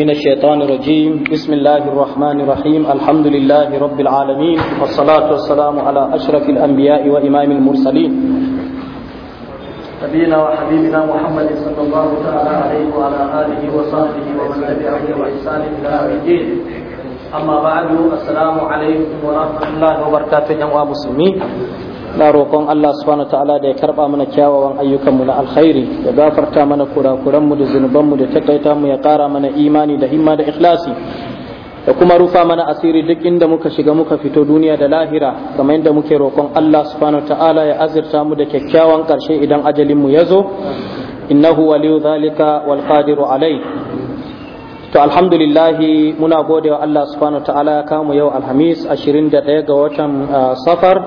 من الشيطان الرجيم بسم الله الرحمن الرحيم الحمد لله رب العالمين والصلاة والسلام على أشرف الأنبياء وإمام المرسلين نبينا وحبيبنا محمد صلى الله تعالى عليه وعلى آله وصحبه ومن تبعه وإحسان إلى الدين أما بعد السلام عليكم ورحمة الله وبركاته يا مسلمين na roƙon Allah subhanahu ta'ala da ya karɓa mana kyawawan ayyukanmu na alkhairi ya gafarta mana kurakuranmu da zunubanmu da takaita mu ya ƙara mana imani da himma da ikhlasi da kuma rufa mana asiri duk inda muka shiga muka fito duniya da lahira kamar yadda muke roƙon Allah subhanahu ta'ala ya azirta mu da kyakkyawan ƙarshe idan ajalinmu ya zo innahu waliyu zalika wal qadiru alai to alhamdulillah muna gode wa Allah subhanahu ta'ala ya mu yau alhamis 21 ga watan ah, safar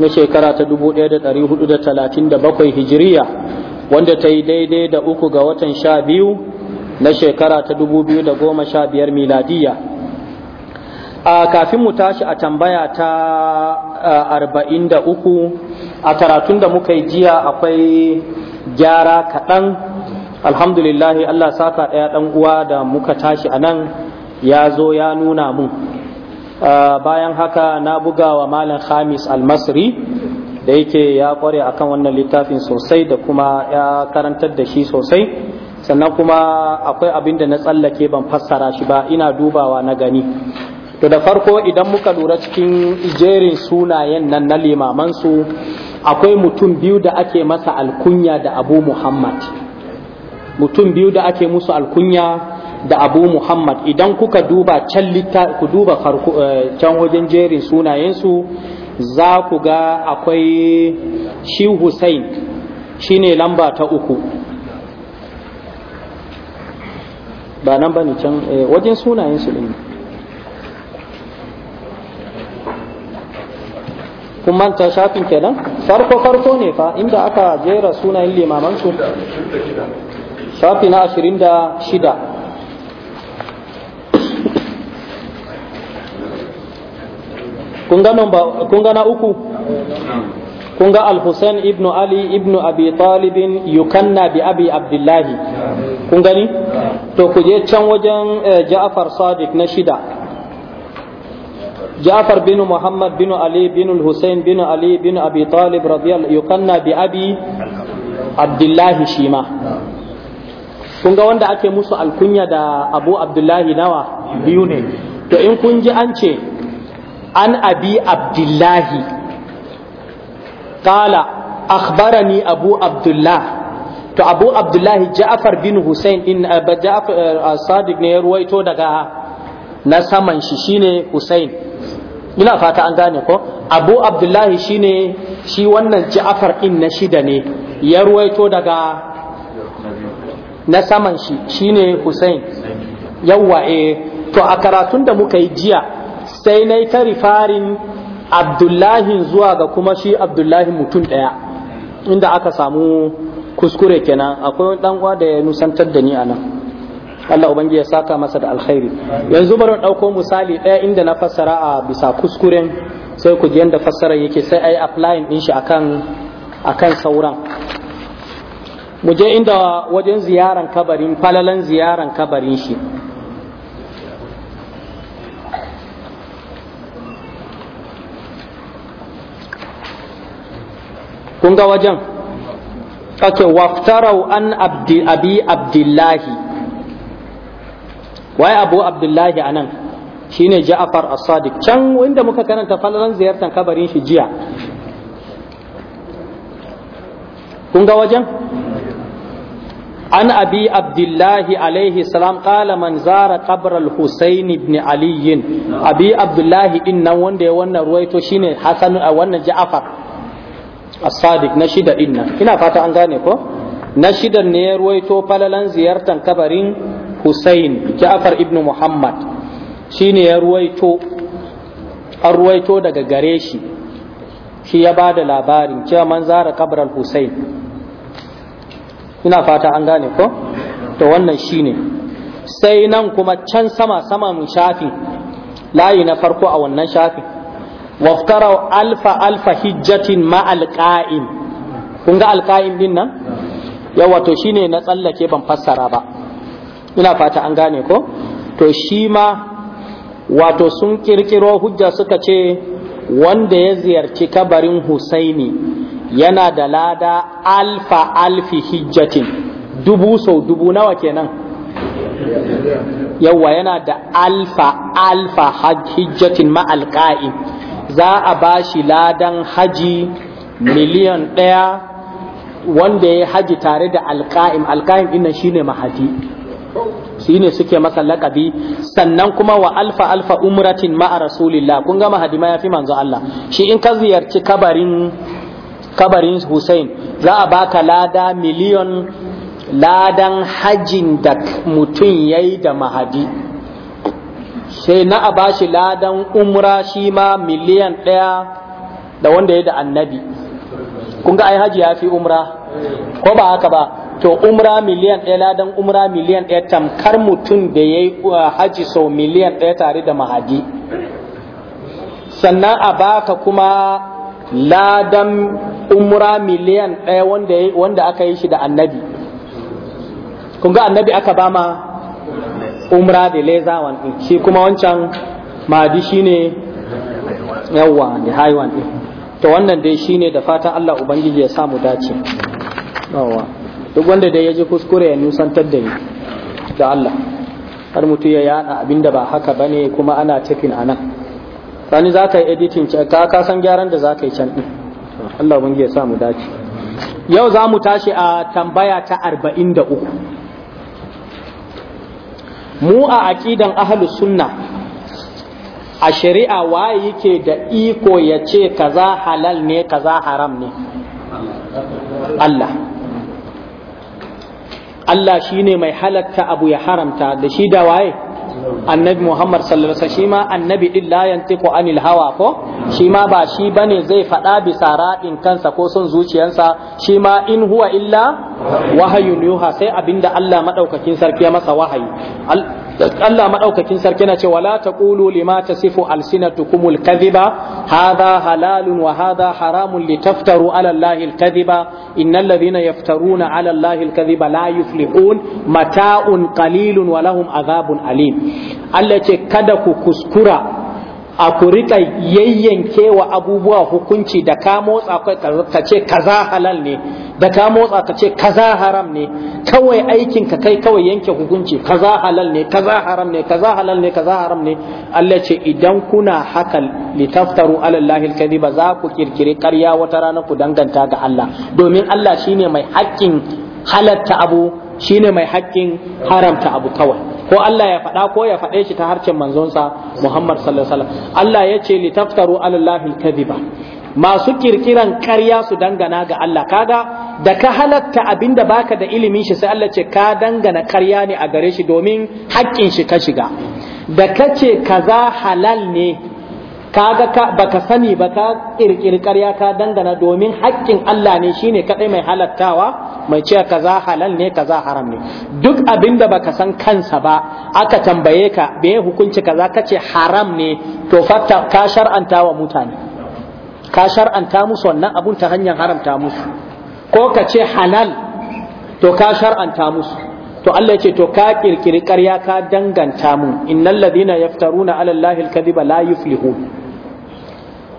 na shekara ta 1437 hijiriya wanda ta yi daidai da uku ga watan sha biyu na shekara ta 2015 miladiya a kafin mu tashi a tambaya ta 43 a karatun da muka yi jiya akwai gyara kaɗan alhamdulillahi allah saka ɗaya ɗan uwa da muka tashi a nan ya zo ya nuna mun Ah, bayan haka na buga wa malam Khamis Al-Masri da yake ya kware akan wannan littafin sosai da kuma ya karantar da shi sosai sannan kuma akwai abin da na tsallake ban fassara shi ba ina dubawa na gani to da farko idan muka lura cikin jerin sunayen nan na limamansu akwai mutum biyu da ake masa alkunya da abu muhammad mutum biyu da ake musu alkunya da abu muhammad idan kuka duba can litta ku duba eh, can wajen jerin sunayensu za ku ga akwai shi hussein shine lamba ta uku ba nan ba ne can eh, wajen sunayensu ɗin kun manta shafin kenan farko farko ne fa inda aka jera sunayen limamansu shafi na ashirin da shida kun na uku kunga al-Husain ibnu Ali ibnu Abi Talib yukanna bi Abi Abdullah kunga ni? to kuje can wajen eh, Ja'far Sadiq na shida Ja'far bin Muhammad bin Ali bin Hussein bin Ali bin Abi Talib radiyallahu yukanna bi Abi Abdullah shima kunga wanda ake musu alkunya da Abu Abdullah nawa biyu ne to in kun ji an ce an abi abdullahi qala akhbarani abu abdullah to abu abdullahi ja'far bin hussein in ja'far sadiq ne ya ruwaito daga na saman shi shine hussein ina fata an gane ko abu abdullahi shine shi wannan ja'far din na shida ne ya ruwaito daga na saman shi shine hussein yawwa eh to a karatun da muka yi jiya sai na ta rifarin abdullahi zuwa ga kuma shi abdullahi mutum ɗaya inda aka samu kuskure kenan akwai dan uwa da ya nusantar da ni anan. nan Allah ubangi ya saka masa da alkhairi yanzu bari ɗauko misali ɗaya inda na fassara a bisa kuskuren sai ku ji yadda fassara yake sai ai applying din shi akan akan sauran mu je inda wajen ziyaran kabarin falalan ziyaran kabarin shi kun ga wajen ake waftarau an abdi abi abdullahi wai abu abdullahi anan shine ja'far as-sadiq can inda muka karanta falalan ziyartar kabarin shi jiya kun ga wajen an abi abdullahi alaihi salam kala man zara al husain ibn ali abi abdullahi inna nan wanda ya wannan ruwaito shine hasan wannan ja'far as-sadiq na shida din nan ina fata an gane ko na shida ne ya ruwaito falalan ziyartan kabarin Hussein Ja'far ibn Muhammad shine ya ruwaito an ruwaito daga gare shi shi ya ba da labarin cewa man zara kabral Hussein ina fata an gane ko to wannan shine sai nan kuma can sama sama mun shafi layi na farko a wannan shafin waftara alfa alfa hijjatin ma alqa'im kun ga alqa'im din nan yawa to shine na tsallake ban fassara ba ina fata an gane ko to shi ma wato sun ƙirƙiro hujja suka ce wanda ya ziyarci kabarin husaini yana da lada alfa alfi hijjatin dubu sau dubu nawa kenan yawa yana da alfa alfa hijjatin ma'alƙa'in za a ba shi ladan haji miliyan ɗaya wanda ya haji tare da alka'im alka'im shi ne mahadi shi ne suke masa laƙabi. sannan kuma wa alfa alfa umratin ma'a rasulillah kun ga mahadi ma fi manzo Allah shi in ka ziyarci kabarin kabarin Hussein za a baka lada miliyon ladan hajjin da mutum yayi da mahadi sai na a shi ladan umra shi ma miliyan ɗaya da wanda ya da annabi kun ga ai haji ya fi umra ko ba haka ba to umra miliyan ɗaya ladan umra miliyan ɗaya tamkar mutum da ya yi uh, haji sau miliyan ɗaya tare da mahadi sannan a baka kuma ladan umra miliyan ɗaya wanda aka yi shi da annabi kun ga annabi aka ba ma umra da leza wani shi kuma wancan shi ne yawwa da haiwan ɗin, to wannan dai shi ne da fatan Allah ubangiji ya samu dace yawwa. duk wanda dai ya ji kuskure ya nusantar da ni da Allah har mutu ya yada abinda ba haka bane kuma ana cikin anan sani za ka yi editing ka ka san gyaran da za ka yi can ɗin Allah ubangiji ya samu dace yau za mu tashi a tambaya ta arba'in da uku mu a aqidan ahlu sunna a shari'a waye yake da iko ya ce kaza halal ne kaza haram ne Allah Allah shine mai halatta abu ya haramta da shi da waye annabi Muhammad sallallahu alaihi shi ma annabi din la yantiqu anil hawa ko shi ma ba shi bane zai faɗa bisa raɗin kansa ko son zuciyarsa shi ma in huwa illa wahayun yuha sai abinda Allah madaukakin sarki ya masa wahayi Allah maɗaukacin sarki na ce wala ƙulu lima ta tasifu alsinatukumul kadhiba hada halalun wa hada haramun litaftaru ala allahi alkadhiba innal yaftaruna ala allahi alkadhiba la yuflihun mata'un kalilun wa lahum adhabun alim Allah ce kada ku kuskura a ku riƙa wa abubuwa hukunci da ka motsa ka ce kaza halal ne da ka motsa ka ce kaza haram ne kawai aikin ka kai kawai yanke hukunci kaza halal ne kaza haram ne kaza halal ne kaza haram ne Allah ce idan kuna haka litaftaru ala Allah alkadhiba za ku kirkire ƙarya wata rana ku danganta ga Allah domin Allah shine mai haƙƙin halatta abu shine mai haƙƙin haramta abu kawai ko Allah ya faɗa ko ya faɗe shi ta harcen manzonsa Muhammad sallallahu alaihi wasallam Allah ya ce litaftaru ala Allahi kadhiba masu kirkiran ƙarya su dangana ga Allah kaga da ka halatta abinda baka da ilimin shi sai Allah ce ka dangana ƙarya ne a gare shi domin haƙƙin shi ka shiga da kace kaza halal ne kaga ka baka sani ba ka kirkiri ƙarya ka dangana domin haƙƙin Allah ne shine kadai mai halattawa mai cewa kaza halal ne kaza haram ne duk abinda da baka san kansa ba aka tambaye ka me hukunci kaza kace haram ne to fatta ka shar'anta wa mutane ka shar'anta musu wannan abun ta hanyar haramta musu ko ka ce halal to ka shar'anta musu to Allah ce to ka kirkiri ƙarya ka danganta mu innal ladina yaftaruna ala allahi alkadhiba la yuflihun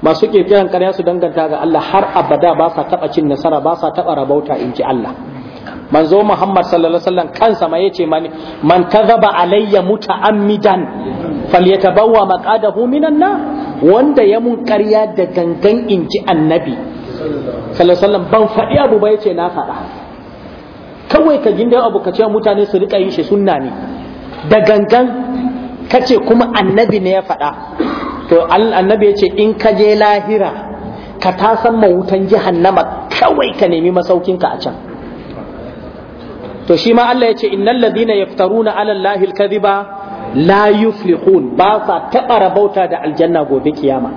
masu kirkiran karya su danganta ga Allah har abada ba sa taba cin nasara ba sa taba rabauta in ji Allah manzo Muhammad sallallahu alaihi wasallam kansa ma yace mani man kadhaba alayya muta'ammidan falyatabawwa maqadahu minan nar wanda ya mun karya da gangan in ji annabi sallallahu alaihi wasallam ban faɗi abu ba yace na faɗa kawai ka gindan abu ka ce mutane su rika yin shi sunna ne da gangan kace kuma annabi ne ya faɗa to annabi ya ce in ka je lahira ka ta san mawutan jahannama kawai ka nemi masaukinka a can to shi ma Allah ya ce innal ladina yaftaruna ala allahi alkadhiba la yuflihun ba sa taɓa rabauta da aljanna gobe kiyama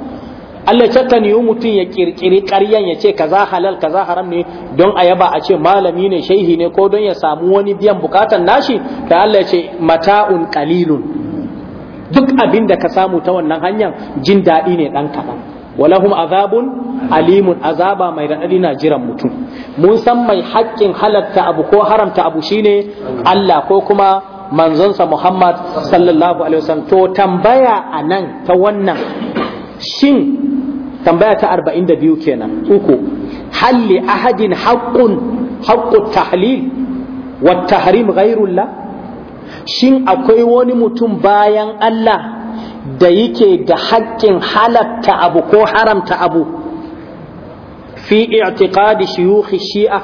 Allah ya ta yi mutum ya kirkiri ƙaryan ya ce kaza halal kaza haram ne don a yaba a ce malami ne shehi ne ko don ya samu wani biyan bukatan nashi da Allah ya ce mata'un qalilun duk abin da ka samu ta wannan hanyar jin daɗi ne ɗan kaɗan walahum azabun alimun azaba mai raɗaɗi na jiran mutum mun san mai haƙƙin halatta abu ko haramta abu shine Allah ko kuma manzonsa Muhammad sallallahu alaihi wasallam to tambaya a nan ta wannan shin tambaya ta 42 kenan uku halli ahadin haqqun haqqut tahlil wat tahrim ghairullah shin akwai wani mutum bayan Allah da yake da haƙƙin halatta abu ko haramta abu fi i'tiqadi shuyukhi shi'a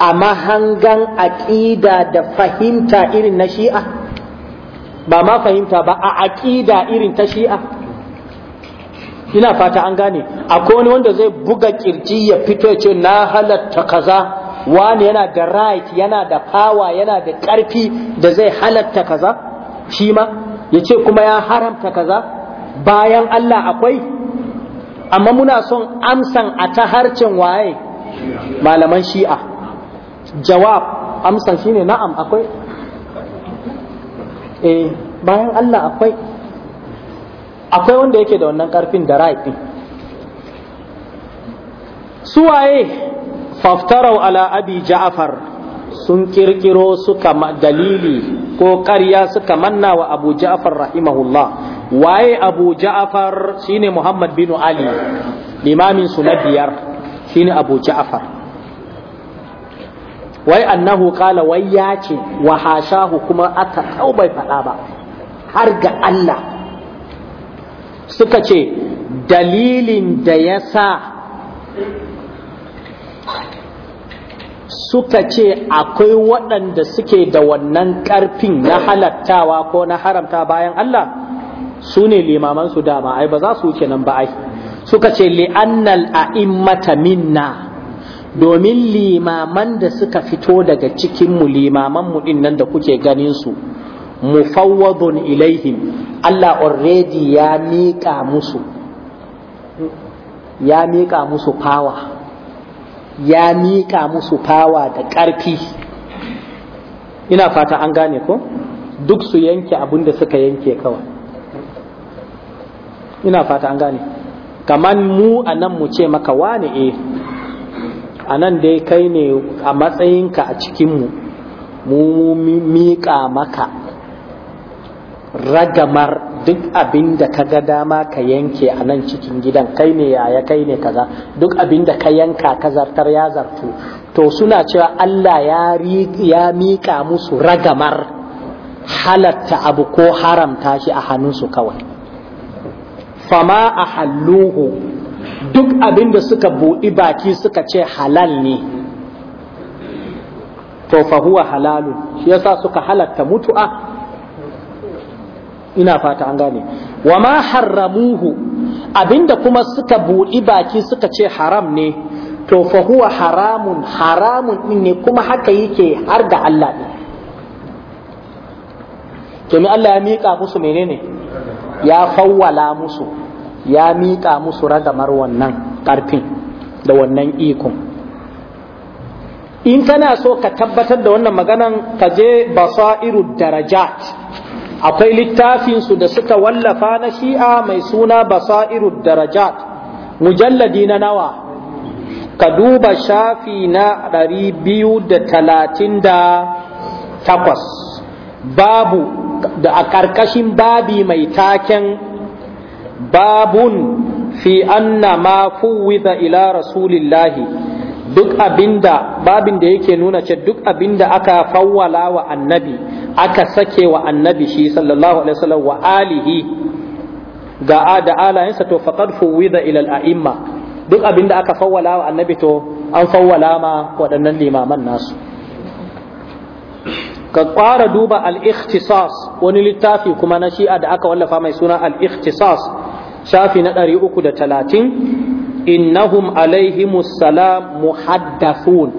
a hangan aƙida da fahimta irin na shi'a ba ma fahimta ba a aƙida irin ta shi'a ina fata an gane akwai wani wanda zai buga kirji ya fito ce na halatta kaza wani yana da right yana da power yana da ƙarfi da zai halatta kaza shi ma ya ce kuma ya haramta kaza bayan Allah akwai amma muna son amsan a ta harcin waye malaman shi'a jawab amsan shine na'am akwai eh bayan Allah akwai akwai wanda yake da wannan karfin da right su waye faftarau ala abi ja'far sun kirkiro suka dalili ko karya suka manna wa abu rahimahullah waye abu ja'far shine muhammad bin ali limamin su na biyar shine abu wai annahu qala wai ya ce wa hashahu kuma aka kau bai faɗa ba har ga Allah suka ce dalilin da ya sa suka ce akwai waɗanda suke da wannan ƙarfin na halattawa ko na haramta bayan Allah su ne limamansu dama ai ba za su wuce nan ba ai suka ce li'annal a'immata minna domin limaman da suka fito daga cikinmu limamanmu ɗin nan da kuke ganin su mufawwadun ilaihim Allah already ya miƙa musu ya miƙa musu power ya miƙa musu fawa da ƙarfi ina fata an gane ko duk su yanke abin da suka yanke kawai ina fata an gane kamar mu a nan mu ce maka wane e a nan dai kai ne a matsayinka a cikinmu mu miƙa maka ragamar duk abin da ka ga dama ka yanke a nan cikin gidan kai ne yaya kai ne kaza duk abin da ka yanka ka zartar ya zartu to suna cewa Allah ya miƙa musu ragamar halatta abu ko haramta shi a hannunsu kawai fama a halluhu duk abin da suka buɗi baki suka ce halal ne to fahuwa halalu shi yasa suka halatta mutu'a ina fata an wama wa ma harramuhu abinda kuma suka buɗi baki suka ce haram ne to fahuwa haramun haramun din kuma haka yake har da Allah ne domin Allah ya miƙa musu menene ya fawwala musu ya miƙa musu ragamar wannan ƙarfin da wannan ikon in kana so ka tabbatar da wannan maganan ka je basairu darajat akwai littafinsu da suka wallafa na shi'a mai suna basairu darajat mujalladi na nawa ka duba shafi na ɗari biyu da talatin da takwas babu da a ƙarƙashin babi mai taken babun fi anna ma kuwiza ila rasulillahi duk abinda babin da yake nuna ce duk abinda aka fawwala wa annabi aka sake wa annabi shi sallallahu alaihi wasallam wa alihi ga da alayensa to faqad fuwida ila al-a'imma duk abinda aka fawwala wa annabi to an fawwala ma waɗannan limaman nasu ka ƙwara duba al-ikhtisas wani littafi kuma na shi'a da aka wallafa mai suna al-ikhtisas shafi na 330 innahum alaihimus salam muhaddathun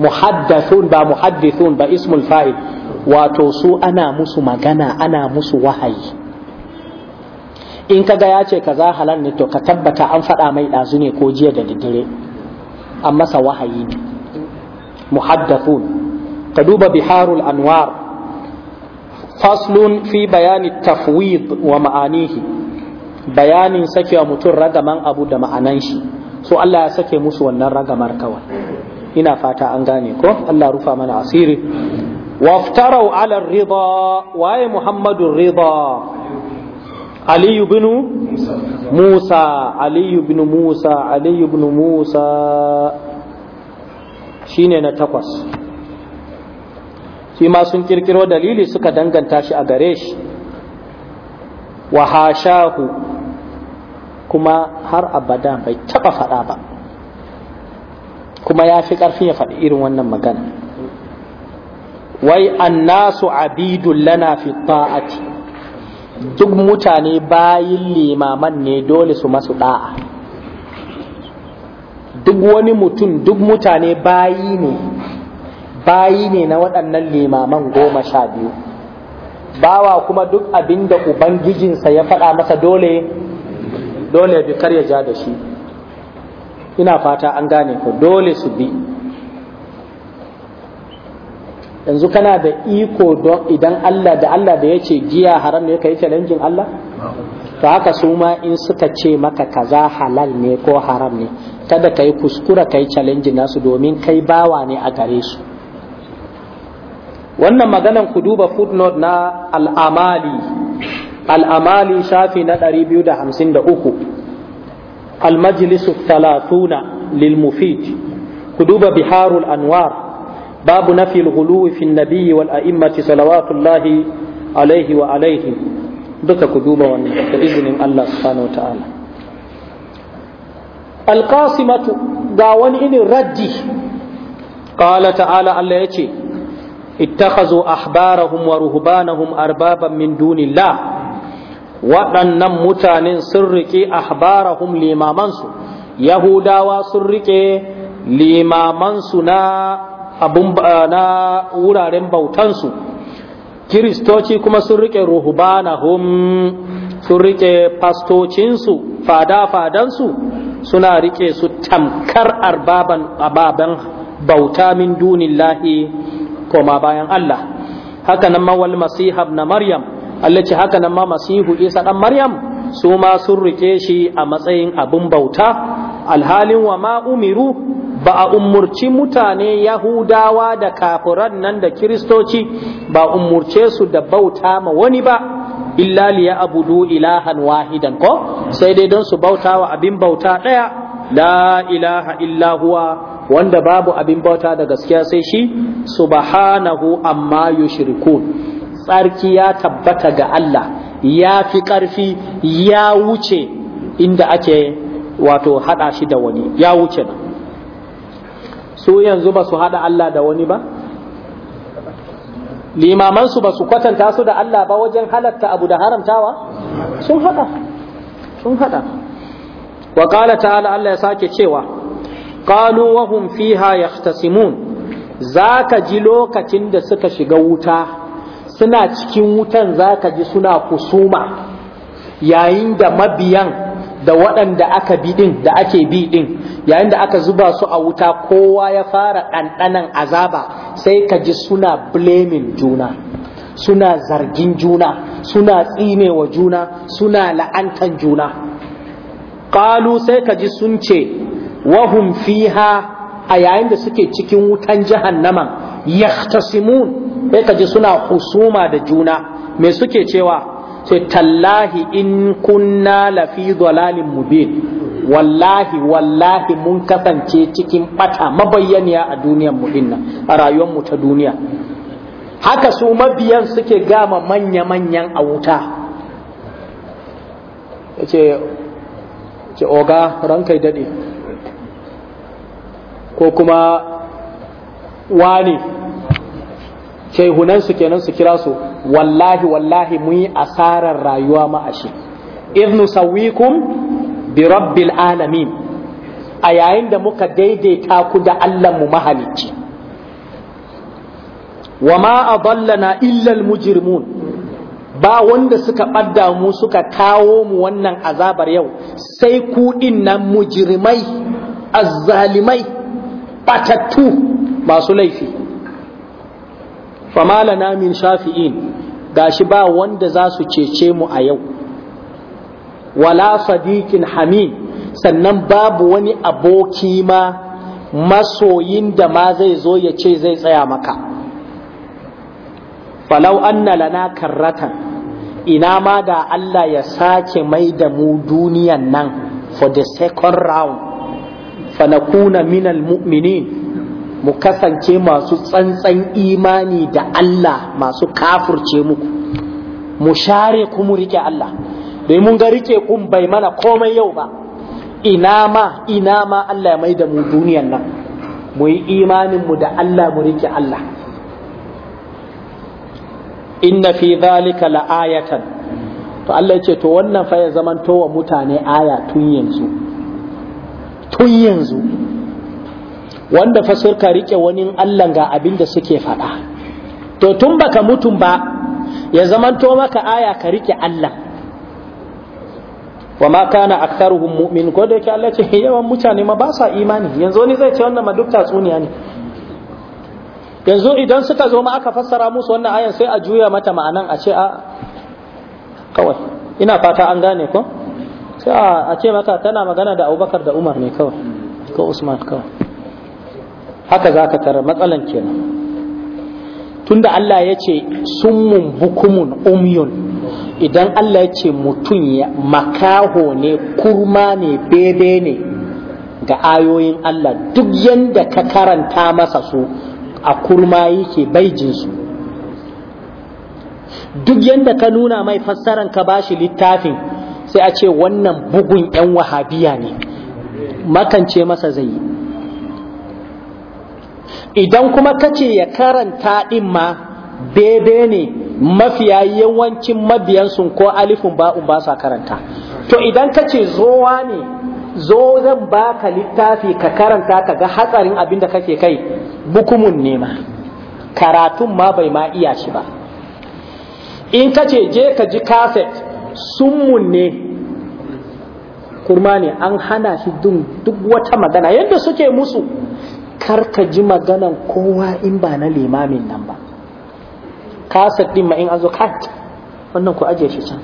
muhaddathun ba muhaddithun ba ismul fa'il wato su ana musu magana ana musu wahayi in kaga ya ce kaza halal ne to ka tabbata an faɗa mai ɗazu ne ko jiya da daddare an masa wahayi ne muhaddathun ka duba biharul anwar faslun fi bayani tafwid wa ma'anihi bayanin sakewa mutum ragaman abu da ma'anan shi so Allah ya sake musu wannan ragamar kawai ina fata an gane ko Allah rufa mana asiri waftarau ala rida waye muhammadu rida aliyu binu musa aliyu binu musa aliyu binu musa ne na takwas shi ma sun kirkiro dalili suka danganta shi a gare shi wa hashahu kuma har abada bai taba faɗa ba kuma ya fi ƙarfin ya faɗi irin wannan magana wai annasu abidun lana fi ta'ati duk mutane bayin limaman ne dole su masu da'a duk wani mutum duk mutane bayi ne bayi ne na waɗannan limaman goma sha biyu bawa kuma duk abin da ubangijinsa ya faɗa masa dole dole bi kar ya ja da shi ina fata an gane ku dole su bi yanzu kana da iko don idan Allah da Allah da ya ce giya haram ne ka yi challenging Allah to haka su ma in suka ce maka kaza halal ne ko haram ne kada ka yi kuskura ka yi challenge nasu domin kai bawa ne a gare su wannan maganan ku duba footnote na al'amali al'amali shafi na 253 al-majlisu talatuna lil mufid ku duba biharul anwar babu nafil ghuluwi fi nabiyyi wal a'immati salawatullahi alaihi wa alaihi duka ku duba wannan da izinin Allah subhanahu wa ta'ala alqasimatu ga wani irin raddi qala ta'ala Allah yace ittakhazu ahbarahum wa ruhbanahum arbaban min dunillah waɗannan mutanen sun riƙe ahbarahum limamansu yahudawa sun riƙe limamansu na na wuraren bautansu kiristoci kuma sun rike ruhubanahum sun rike fastocinsu fada-fadansu suna rike su tamkar arbaban ababen bauta min dunillahi koma bayan Allah haka nan mawal masiha na maryam Allaci hakanan haka nan ma masihu isa dan maryam su ma sun rike shi a matsayin abin bauta alhalin wa ma umiru ba a umurci mutane yahudawa da kafiran nan da kiristoci ba umurce su da bauta ma wani ba illa liya abudu ilahan wahidan ko sai dai don su bauta wa abin bauta ɗaya la ilaha illa huwa wanda babu abin bauta da gaskiya sai shi subhanahu amma yushrikun tsarki ya tabbata ga Allah ya fi ƙarfi ya wuce inda ake wato haɗa shi da wani ya wuce nan su yanzu ba su haɗa Allah da wani ba limamansu ba su kwatanta su da Allah ba wajen halatta abu da haramtawa sun haɗa sun haɗa wa ƙala ta'ala Allah ya sake cewa qalu wa hum fiha yahtasimun zaka ji lokacin da suka shiga wuta suna cikin wutan zaka ji suna kusuma yayin da mabiyan da waɗanda aka bi ɗin da ake bi ɗin yayin da aka zuba su a wuta kowa ya fara ɗanɗanan azaba sai ka ji suna blamin juna suna zargin juna suna tsinewa juna suna la'antan juna ƙalu sai ka ji sun ce wahum fiha a yayin da suke cikin wutan jahannaman yahtasimun sai ka ji suna husuma da juna me suke cewa ce tallahi in kunna lafi dalalin mubin wallahi wallahi mun kasance cikin bata mabayyaniya a duniyar mu dinnan a rayuwar mu ta duniya haka su mabiyan suke gama manya manyan a wuta Yace ce oga rankai dade ko kuma wani shehunansu kenan su kira su wallahi wallahi mun yi asarar rayuwa ma'ashi, ashe sawikum bi rabbil alamin a yayin da muka daidaita ku da Allah mu mahalicci wa ma a illa illal mujirmun, ba wanda suka ɓadda mu suka kawo mu wannan azabar yau sai ku nan mujrimai azzalimai batattu masu laifi fama lana min shafi'in gashi ba wanda za su cece mu a yau wala sadiqin hamin sannan babu wani aboki ma masoyin da ma zai zo ya ce zai tsaya maka falau anna lana karratan ina ma da Allah ya sake mai da mu duniyan nan for the second round fanakuna minal mu'minin mu kasance masu tsantsan imani da Allah masu kafurce muku mu share ku mu rike Allah dai mun ga rike kun bai mana komai yau ba ina ma ina ma Allah ya maida mu duniyan nan mu yi imanin mu da Allah mu rike Allah inna fi zalika la ayatan to Allah yace to wannan fa ya zamanto wa mutane aya tun yanzu tun yanzu wanda fa suka rike wani Allah ga abin da suke faɗa to tun baka mutum ba ya zamanto maka aya ka rike Allah wa ma kana aktharuhum mu'min ko da yake Allah ce yawan mutane ma ba sa imani yanzu wani zai ce wannan ma duk tatsuniya ne yanzu idan suka zo ma aka fassara musu wannan ayan sai a juya mata ma'anan a ce a ah, kawai ina fata an gane ko sai a ce maka tana magana da Abubakar da Umar ne kawai ko Usman kawai haka za ka tara matsalan kenan tunda Allah ya ce summun bukumun umyun idan Allah ya ce mutum ya makaho ne kurma ne bebe ne ga ayoyin Allah duk yadda ka karanta masa su a kurma yake su duk yadda ka nuna mai fassaran ka bashi littafin sai a ce wannan bugun 'yan wahabiya ne makance masa zai yi idan kuma kace ya karanta din ma daidai ne mafiya yawancin mabiyansu ko alifin ba'un ba sa karanta to idan kace zowa ne zo zan baka littafi ka karanta ka ga hatsarin abin da kake kai bukumun nema karatun ma bai ma iya shi ba in kace je ka ji kaset sun ne kurma ne an hana shi duk wata magana yadda suke musu kar ka ji maganan kowa in ba na limamin nan ba ka ɗin ma in an zo kat wannan ku ajiye shi can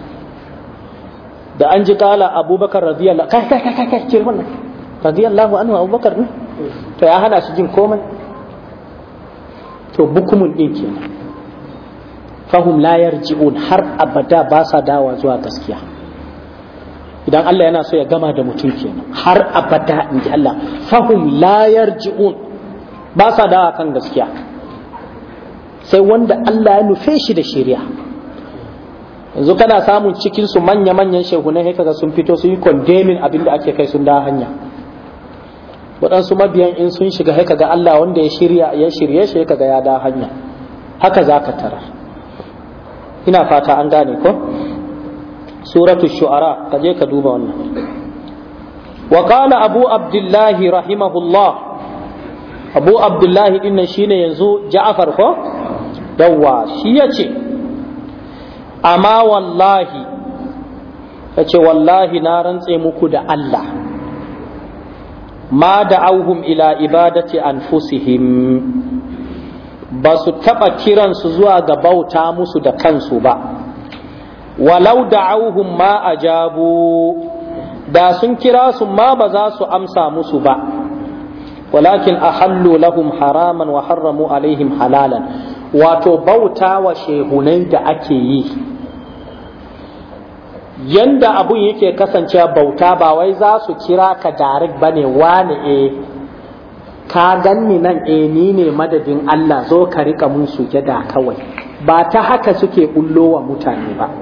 da an ji kala abubakar radiyallahu kai kai kai kai kire wannan radiyallahu anhu abubakar ne to ya hana shi jin komai to bukumun ɗin kenan fahum la yarji'un har abada ba sa dawa zuwa gaskiya idan Allah yana so ya gama da mutum kenan har abada in ji Allah fahum la yarji'un ba sa dawa kan gaskiya sai wanda Allah ya nufe shi da shari'a yanzu kana samun cikin su manya manyan shehunai sai kaga sun fito sun yi condemning abinda ake kai sun da hanya waɗansu mabiyan in sun shiga sai kaga Allah wanda ya shirya ya shirye shi kaga ya da hanya haka zaka tara ina fata an gane ko suratu shu'ara ka je ka duba wannan wa qala abu abdullahi rahimahullah abu abdullahi din shine yanzu ja'far ko dawwa shi yace amma wallahi yace wallahi na rantse muku da Allah ma da'awhum ila ibadati anfusihim ba su taɓa kiransu zuwa ga bauta musu da kansu ba walau da'auhum ma ajabu da sun kira su ma ba za su amsa musu ba walakin ahallu lahum haraman wa harramu alaihim halalan wato bauta wa shehunai da ake yi yanda abun yake kasance bauta ba wai za su kira ka direct bane wani e eh, ka ganni nan e ni ne madadin Allah zo ka rika mun gida kawai ba ta haka suke bullo wa mutane ba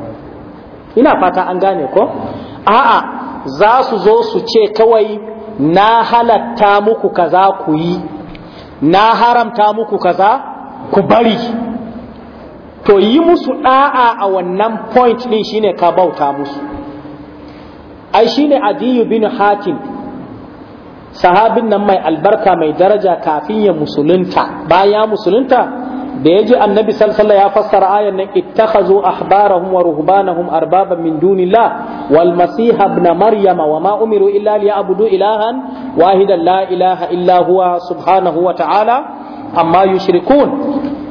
ina fata an gane ko a'a za su zo su ce kawai na halatta muku kaza ku yi na haramta muku kaza ku bari to yi musu da'a a wannan point din shine ka bauta musu ai shine adiyu bin hatim sahabin nan mai albarka mai daraja kafin ya musulunta baya musulunta da ji annabi sallallahu ya fassara ayan nan ittakhazu ahbarahum wa ruhbanahum arbaba min dunillah wal masiha ibn maryama wa ma umiru illa liya'budu ilahan wahidan la ilaha illa huwa subhanahu wa ta'ala amma yushrikun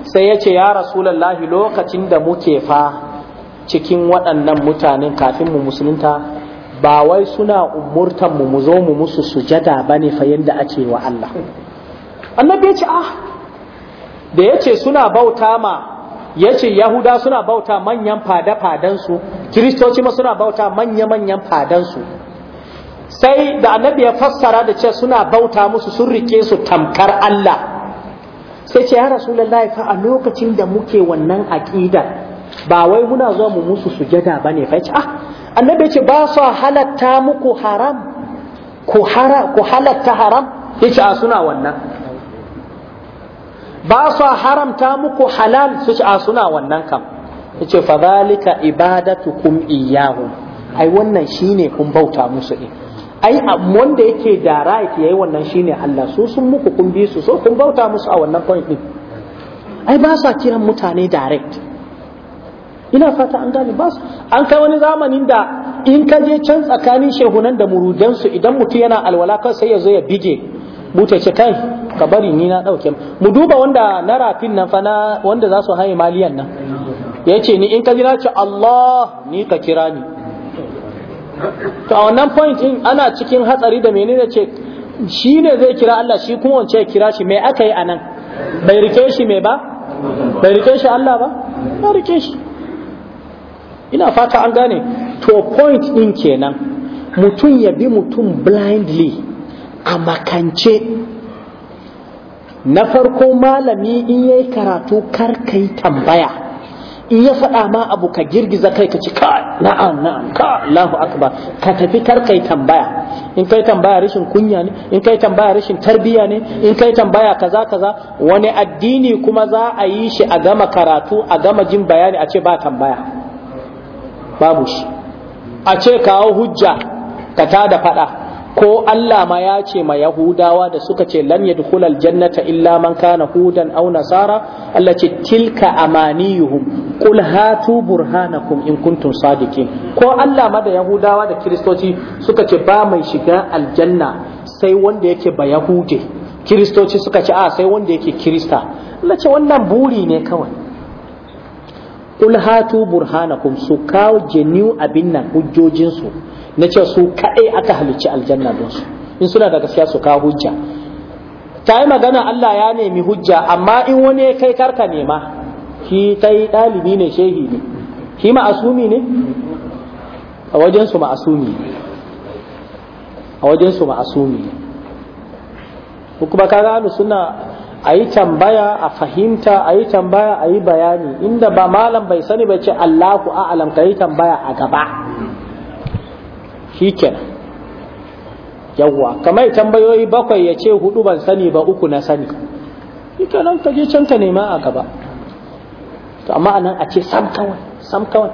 sai yace ya rasulullahi lokacin da muke fa cikin waɗannan mutanen kafin mu musulunta ba wai suna umurtan mu mu zo mu musu sujada bane fa yanda ake wa Allah annabi ya ce ah da yace suna bauta ma yace yahuda suna bauta manyan fada-fadansu kiristoci ma suna bauta manya-manyan fadansu sai da annabi ya fassara da ce suna bauta musu sun rike su tamkar Allah sai ce ya rasulullahi fa a lokacin da muke wannan aqida ba wai muna zo mu musu sujada bane fa ce ah annabi ce ba su halatta muku haram ku hara ku halatta haram yace a suna wannan ba su haramta muku halal su ce a suna wannan kam yace fa zalika ibadatukum iyyahum ai wannan shine kun bauta musu din ai wanda yake da right yayi wannan shine Allah su sun muku kun bi su so kun bauta musu a wannan point din ai ba sa kiran mutane direct ina fata an gane ba su an kai wani zamanin da in ka je can tsakanin shehunan da murudansu idan mutum yana alwala kan sai ya zo ya bige mutace kai ka bari ni na ɗauke mu duba wanda na rafin nan fa na wanda za su haye maliyan nan ya ce ni in ka ji na ce Allah ni ka kira ni to a wannan point in ana cikin hatsari da menene ce shi ne zai kira Allah shi kuma wance ya kira shi mai aka yi a nan bai rike shi mai ba bai rike shi Allah ba ya rike shi ina fata an gane to point din kenan mutum ya bi mutum blindly a makance na farko malami in yayi karatu kar kai tambaya in ya faɗa ma abu ka girgiza kai ka ci ka na'am na'am ka Allahu akbar ka tafi kar kai tambaya in kai tambaya rashin kunya ne in kai tambaya rashin tarbiya ne in kai tambaya kaza kaza wani addini kuma za a yi shi a gama karatu a gama jin bayani a ce ba tambaya babu shi a ce kawo hujja ka tada faɗa ko Allah ma ya ce ma Yahudawa da suka ce lam yadkhul aljannata illa man kana hudan aw nasara Allah ce tilka amaniyuhum qul hatu burhanakum in kuntum sadiqin ko Allah ma da Yahudawa da Kiristoci suka ce ba mai shiga aljanna sai wanda yake ba Yahude Kiristoci suka ce a sai wanda yake Kirista Allah ce wannan buri ne kawai kul hatu burhanakum su kawo jeniu abin nan hujjojinsu su na ce su kadai aka halicci aljanna don su in suna da gaskiya su kawo hujja ta yi magana Allah ya nemi hujja amma in wani ya kai karka nema shi yi ɗalibi ne shehi ne shi ma'asumi ne a wajensu ma'asumi a wajensu ma'asumi ne kuma kaga suna a yi tambaya a fahimta a yi tambaya a yi bayani inda ba malam bai sani bai ce Allahu a'alam ka yi tambaya a gaba shikenan yawwa kamar tambayoyi bakwai ya ce hudu ban sani ba uku na sani shikenan ka je can ka nema a gaba to amma anan a ce sam kawai sam kawai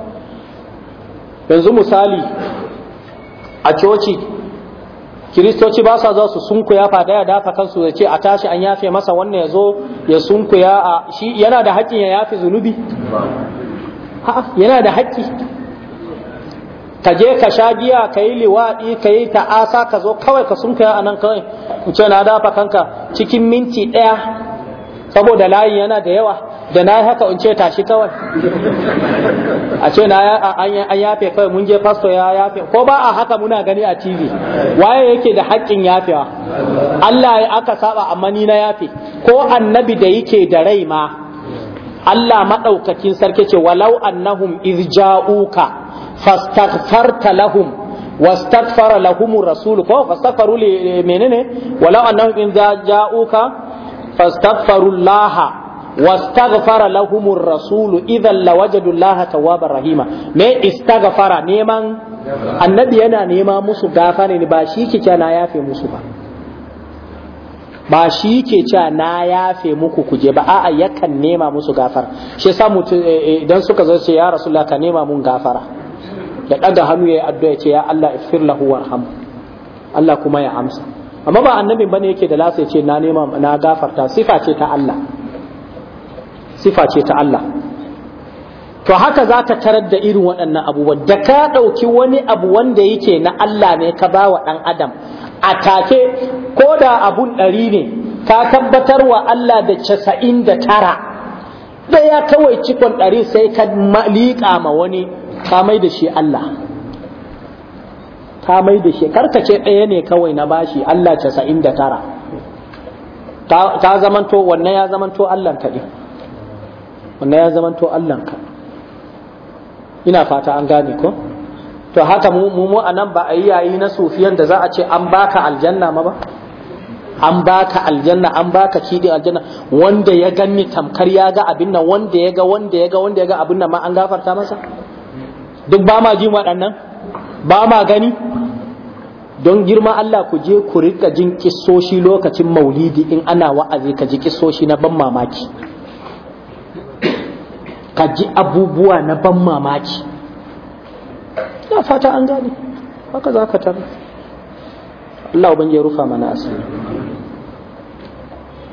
yanzu misali a coci kiristoci ba sa za su sunkuya fa daya dafa kansu da ce a tashi an yafe masa wannan ya zo ya sunkuya a shi yana da haƙƙin ya yafe zunubi yana da haƙƙi ka je ka sha giya ka yi liwaɗi ka yi ta'asa ka zo kawai ka sunkuya a nan kawai ce na dafa kanka cikin minti ɗaya saboda layi yana da yawa da na haka in ce tashi kawai a ce na an yafe kawai mun je fasto ya yafe ko ba a haka muna gani a tv waye yake da haƙƙin yafewa Allah ya aka saba amma ni na yafe ko annabi da yake da rai ma Allah maɗaukakin sarki ce walau annahum ja'uka fastaghfarta lahum واستغفر لهم الرسول فاستغفروا لي menene walau annahum iz ja'uka fastaghfirullaha wastaghfara lahumur rasulu idan lawajadu wajadullaha tawwabar rahima me istaghfara neman annabi yana nema musu gafara ne ba shi kike na yafe musu ba ba shi ke cewa na yafe muku kuje ba a'a yakan nema musu gafara shi yasa mutum idan suka zo ce ya rasulullah ka nema mun gafara da daga hannu yayi addu'a ya ce ya Allah ighfir lahu warham Allah kuma ya amsa amma ba annabin bane yake da lasa ce na nema na gafarta sifa ce ta Allah sifa ce ta Allah to haka za ka tarar da irin waɗannan abubuwa da ka ɗauki wani abu wanda yake na Allah ne ka ba wa ɗan adam a take ko da abun ɗari ne ka tabbatar wa Allah da casa'in da tara ɗaya kawai cikon ɗari sai ka liƙa ma wani ka da shi Allah ka mai da ka ce ɗaya ne kawai na bashi Allah casa'in da tara ta zamanto wannan ya zamanto Allahn ka ɗin wannan ya zamanto Allahn ka ina fata an gane ko to haka mu mu a nan ba a yi yayi na sufiyan da za a ce an baka aljanna ma ba an baka aljanna an baka kidi aljanna wanda ya ganni tamkar ya ga abin nan wanda ya ga wanda ya ga wanda ya ga abin nan ma an gafarta masa duk ba ma jin waɗannan ba ma gani don girma Allah ku je ku rika jin kissoshi lokacin maulidi in ana wa'azi ka ji kissoshi na ban mamaki ka ji abubuwa na ban mamaki ya fata an gane haka za ka tara Allah ban ya rufa mana asiri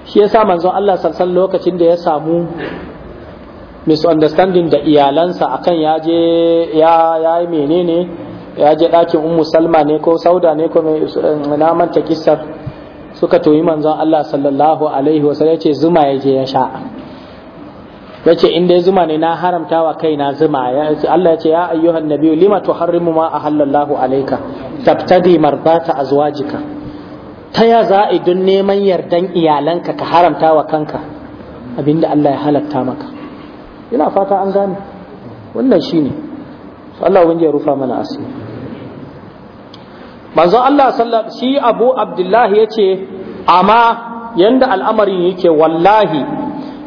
shi ya sa manzon Allah salsan lokacin da ya samu misunderstanding da iyalansa akan ya je ya yi menene ya je ɗakin ummu salma ne ko sauda ne ko mai eh, na manta kissar suka toyi manzon Allah sallallahu alaihi wa sallam yace zuma je ya sha yace in dai zuma ne na haramta wa kaina zuma yace Allah yace ya ayyuhan nabiyyu lima tuharrimu ma ahallallahu alayka tabtadi marbata azwajika ta ya za idun neman yardan iyalanka ka haramta wa kanka abinda Allah ya halatta maka ina fata an gane wannan shine Allah ubangiji ya rufa mana asiri manzon Allah sallallahu shi Abu Abdullah yace amma yanda al'amarin yake wallahi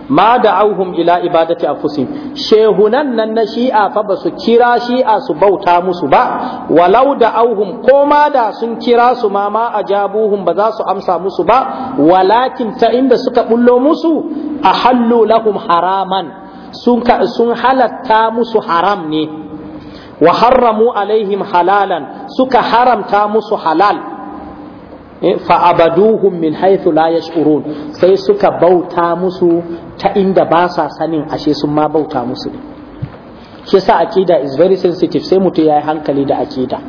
ma da'awhum ila ibadati anfusihim shehunan nan na shi'a fa ba su kira shi'a su bauta musu ba walau da'awhum ko ma da sun kira su ma ma ajabuhum ba za su amsa musu ba walakin ta inda suka bullo musu ahallu lahum haraman sun halatta musu haram ne wa harramu alaihim halalan suka haramta musu halal eh, Fa abaduhum min haythu la yash'urun sai suka bauta musu ta inda ba sa sanin ashe sun ma bauta musu shi yasa akida is very sensitive sai mutum yayi hankali da akida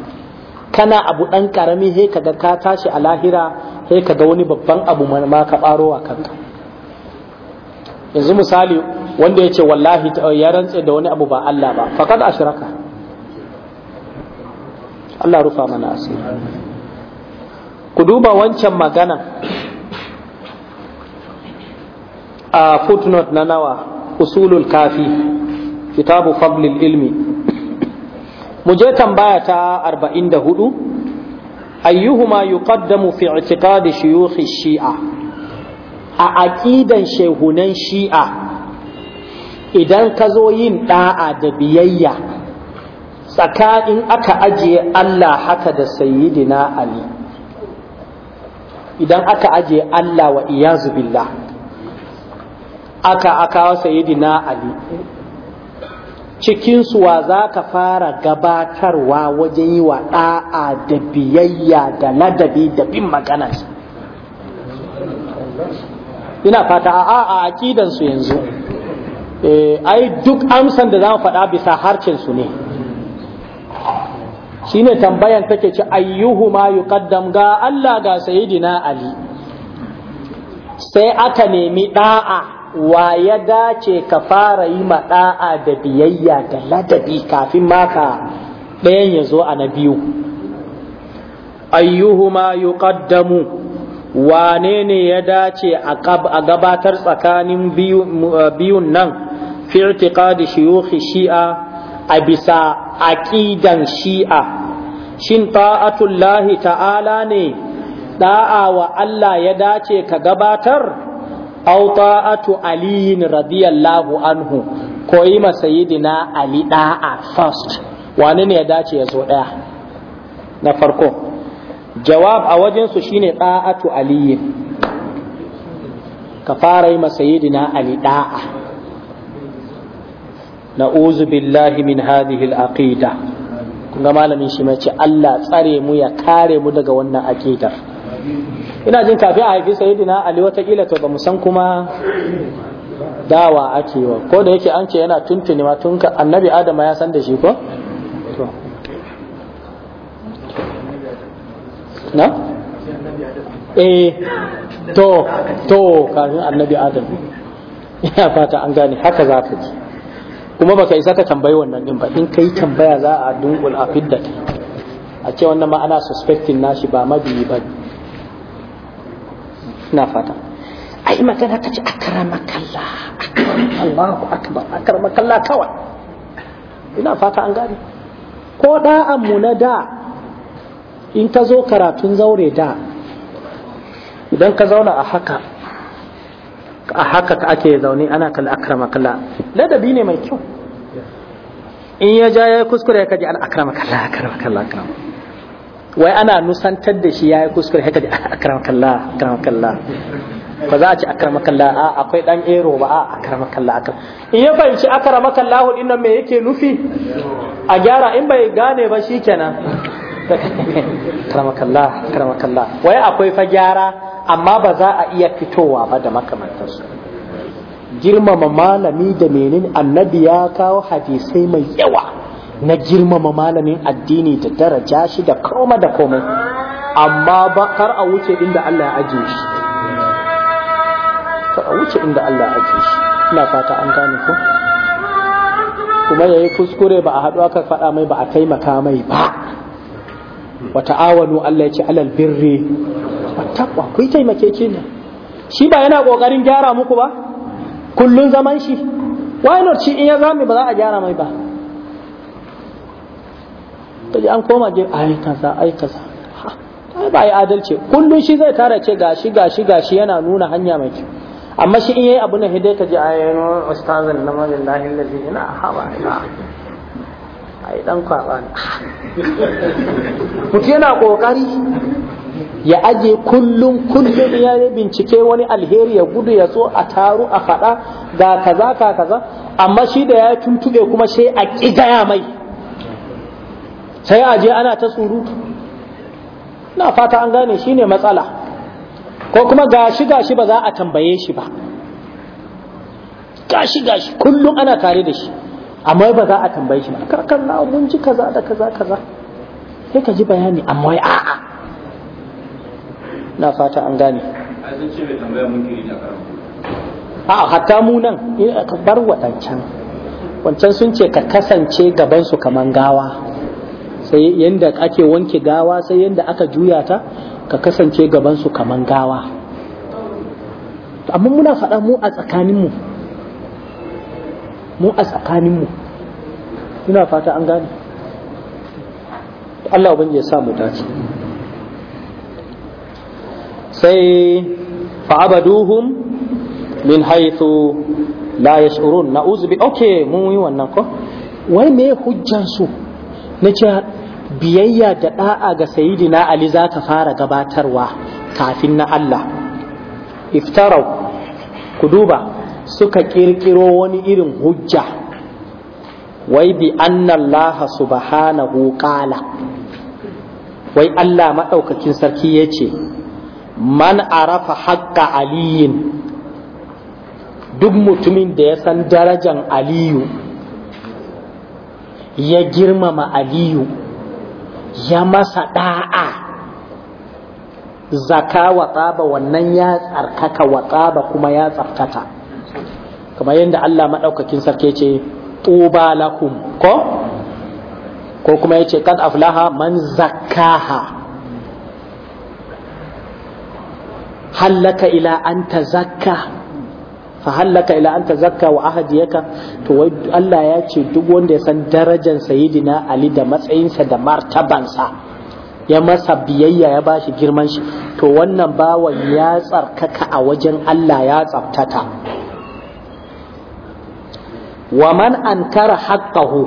kana abu dan karami he kaga ka tashi a lahira he kaga wani babban abu ma ka baro a kanka yanzu misali wanda yace wallahi ya rantse da wani abu ba Allah ba faqad ashraka Allah rufa mana asiri ku duba wancan magana a footnote na nawa usulul kafi kitabu fablil ilmi mu je tambaya ta 44 ayyuhuma yuqaddamu fi i'tiqadi shuyukh shi'a a aqidan shehunan shi'a idan ka zo yin da'a da biyayya tsakanin aka ajiye Allah haka da sayyidina Ali idan aka ajiye Allah wa iyazu billah aka wa sayyidina Ali cikinsu wa za ka fara gabatarwa wajen yi wa ɗa'a da biyayya da ladabi da bin magana ina fata a a su yanzu eh, ai duk amsan da za mu faɗa bisa su ne shine tambayan take ayyuhu ma yuqaddam ga Allah ga sayyidina Ali sai aka nemi da'a wa ya dace ka fara yi ma da'a da biyayya da ladabi kafin maka ɗayan ya zo a na biyu ayyuhuma yuqaddamu wane ne ya dace a gabatar tsakanin biyun nan fi irtiqadi shuyukh shi'a a bisa aqidan shi'a shin ta'atullahi ta'ala ne da'a wa Allah ya dace ka gabatar Au ta'atu aliyin radiyallahu anhu koyi ma sayyidina ali da'a first wani ne ya dace ya zo daya na farko jawab a wajensu shine Ta'atu aliyin ka fara yi ma sayyidina ali da'a na'uzu billahi min hadhihi aqida kun malamin shi ce Allah tsare mu ya kare mu daga wannan aqidar ina jin kafi a haifi sayyidina Ali wata kila to ba mu san kuma dawa ake wa ko da yake an ce yana tuntuni ma tun annabi Adama ya san da shi ko na eh to to kafin annabi Adam ina fata an gane haka za ka ji kuma baka isa ka tambayi wannan din ba in kai tambaya za a dunkul a fidda a ce wannan ma ana suspecting nashi ba mabiyi ba ina fata ai magana ta ce akramakalla Allahu akbar akramakalla kawai ina fata an gane ko da'an mu na da in ka zo karatun zaure da idan ka zauna a haka a haka ake zaune ana kal akrama kalla ladabi ne mai kyau in ya ja ya kuskure ka ji al akrama kalla akrama kalla akrama wai ana nusantar da shi ya yi kuskure ka ji akrama kalla akrama kalla ba za a ci akrama kalla a akwai dan ero ba a akrama kalla akrama in ya fahimci akrama kalla hu dinnan me yake nufi a gyara in bai gane ba shikenan akrama kalla akrama kalla wai akwai fa gyara amma ba za a iya fitowa ba da makamantarsu girmama malami da menin annabi ya kawo hadisai mai yawa na girmama malamin addini da daraja shi da koma da komai amma ba kar a wuce inda Allah ya ajiye shi kar a wuce inda Allah ya ajiye shi ina fata an gane ku? kuma yayi kuskure ba a haɗu aka faɗa mai ba a taimaka mai ba wa ta'awanu Allah ya ce alal birri attaqwa ku yi ne shi ba yana kokarin gyara muku ba kullun zaman shi why not shi in ya zame ba za a gyara mai ba kaji an koma je ai kaza ai kaza ha ba ai adalci kullun shi zai tara ce gashi gashi gashi yana nuna hanya mai kyau amma shi in yayi abu na hidayta ji ayyano no ustazin na da allazi ina haba ina ai dan kwaba ne mutu yana kokari ya aje kullum kullum ya bincike wani alheri ya gudu ya so a taru a faɗa ga kaza ka kaza amma shi da ya tuntube kuma sai a gaya mai sai a je ana ta surutu na fata an gane shine matsala ko kuma gashi gashi ba za a tambaye shi ba gashi gashi kullum ana tare da shi amma ba za a tambaye shi ba kakan na mun ji kaza da kaza kaza sai ka ji bayani amma a'a na fata an gane a hatta mu nan eh, bar wadancan wancan sun ce ka kasance gaban su kaman gawa sai yanda ake wanke gawa sai yanda aka juya ta ka kasance gaban su kaman gawa amma muna faɗa mu a tsakaninmu mu a tsakaninmu ina fata an gane Allah ubangiji ya sa mu dace sai fa'abaduhum min haithu la yash'urun na okay mun yi wannan ko wai me hujjan su na ce biyayya da da'a ga sayyidina ali za ka fara gabatarwa kafin na Allah iftarau ku duba suka kirkiro wani irin hujja wai bi anna Allah subhanahu qala wai Allah madaukakin sarki ya ce. man arafa haƙƙa aliyin duk mutumin da ya san darajan aliyu ya girmama aliyu ya masa ɗa'a zaka wa tsaba wannan ya tsarkaka wa tsaba kuma ya tsarkata kamar yadda Allah maɗaukakin sarki ce tuba lakum ko ko kuma yace kad aflaha man zakkaha hallaka ila an tazakka fa hallaka ila an tazakka wa ahadiyaka to wai Allah ya ce duk wanda ya san darajar sayyidina Ali da matsayinsa da martabansa ya masa biyayya ya bashi girman shi to wannan bawan ya tsarkaka a wajen Allah ya tsaftata wa man ankara haqqahu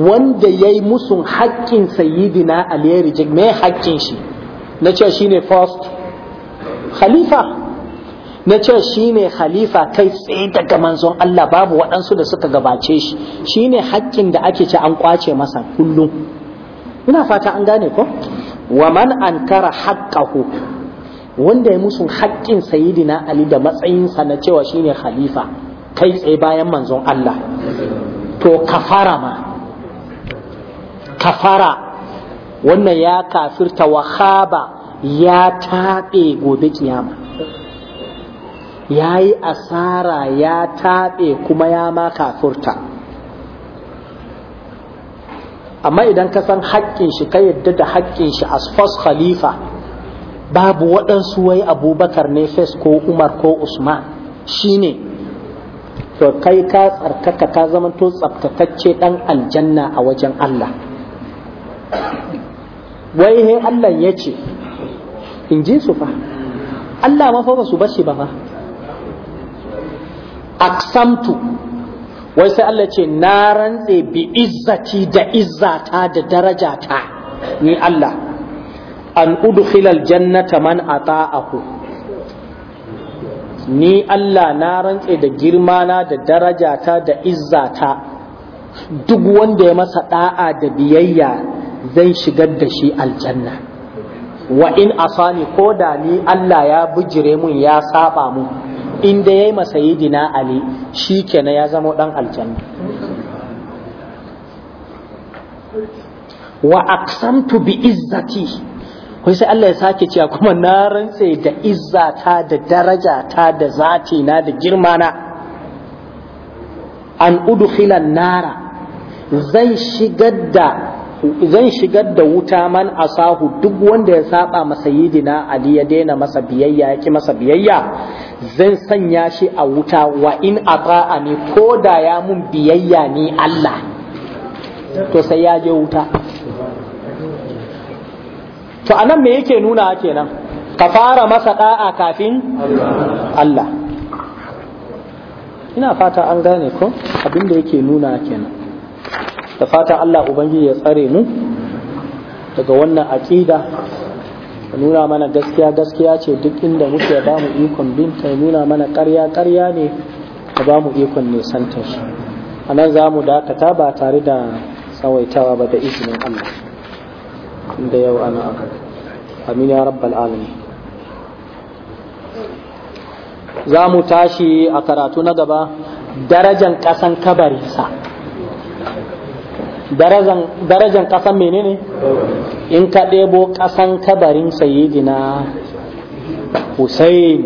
wanda yayi yi musun haƙƙin sayidina Ali ya rijik me haƙƙin shi na ce shi ne first khalifa na ce shi ne khalifa kai tsaye daga manzon Allah babu waɗansu da suka gabace shi Shi ne haƙƙin da ake ce an kwace masa kullum ina fata an gane ko wa man an kara haƙƙahu wanda ya musu haƙƙin sayidina Ali da matsayinsa na cewa shi ne khalifa kai tsaye bayan manzon Allah to kafara ma kafara wannan ya kafirta wa khaba ya taɓe gobe kiyama ya yi asara ya taɓe kuma ya ma kafurta amma idan ka san haƙƙin shi ka yadda da haƙƙin shi as first khalifa babu waɗansu wai abubakar ne fes ko umar ko usman shine to kai ka tsarkaka ka zamanto tsaftatacce ɗan aljanna a wajen allah wai he Allah ya ce in ji su fa Allah ma fa ba su bashi ba ma. aksamtu wai sai Allah ce na rantse bi izzati da izzata da darajata ni Allah an udkhilal jannata man ata'ahu ni Allah na rantse da girmana da darajata da izzata duk wanda ya masa da'a da biyayya Zan shigar da shi aljanna wa in asani ko da ni Allah ya bijire mun ya saba mun Inda da yayi masa yidina ali shikenan ya zama dan aljanna wa aqsamtu bi izzati kai sai Allah ya sake cewa kuma na rantse da izzata da daraja ta da zati na da girma na. an udkhilan nara zai shigar da zan shigar da wuta man asahu duk wanda ya saba masa yidina ali ya daina masa biyayya ya ki masa biyayya zan sanya shi a wuta wa in ni, ko da ya mun biyayya ni Allah to sai ya je wuta to anan me yake nuna kenan ka fara masa da'a kafin Allah ina fata an gane ko abinda yake nuna kenan da fatan Allah ubangiji ya tsare mu daga wannan aqida nuna mana gaskiya gaskiya ce duk inda muke ba mu ikon binta nuna mana ƙarya ƙarya ne ka ba mu ikon nisantar shi a nan za mu dakata ba tare da tsawaitawa ba da izinin Allah inda yau ana aka amin ya rabbal alamin za mu tashi a karatu na gaba darajan ƙasan kabarinsa darajan kasan menene in ka ɗebo kasan kabarin sayidina Hussein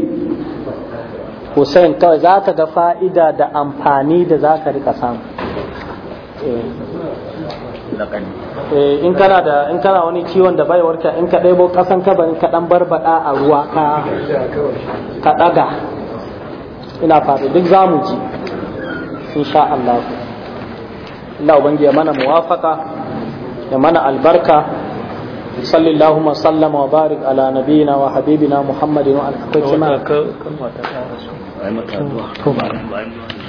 Hussein kawai za ka ga fa'ida da amfani da za ka rika samu eh, eh, in kana da in kana wani ciwon da bai ka in ka ɗebo kasan kabarin ka ɗan barbada a ruwa ka ka ɗaga ina faɗi duk zamu ji sha Allah Allah ubangi ya mana muwafaka ya mana albarka salli Allahumma sallama wa barik ala nabiyina wa habibina Muhammadin wa alaihi wa sallam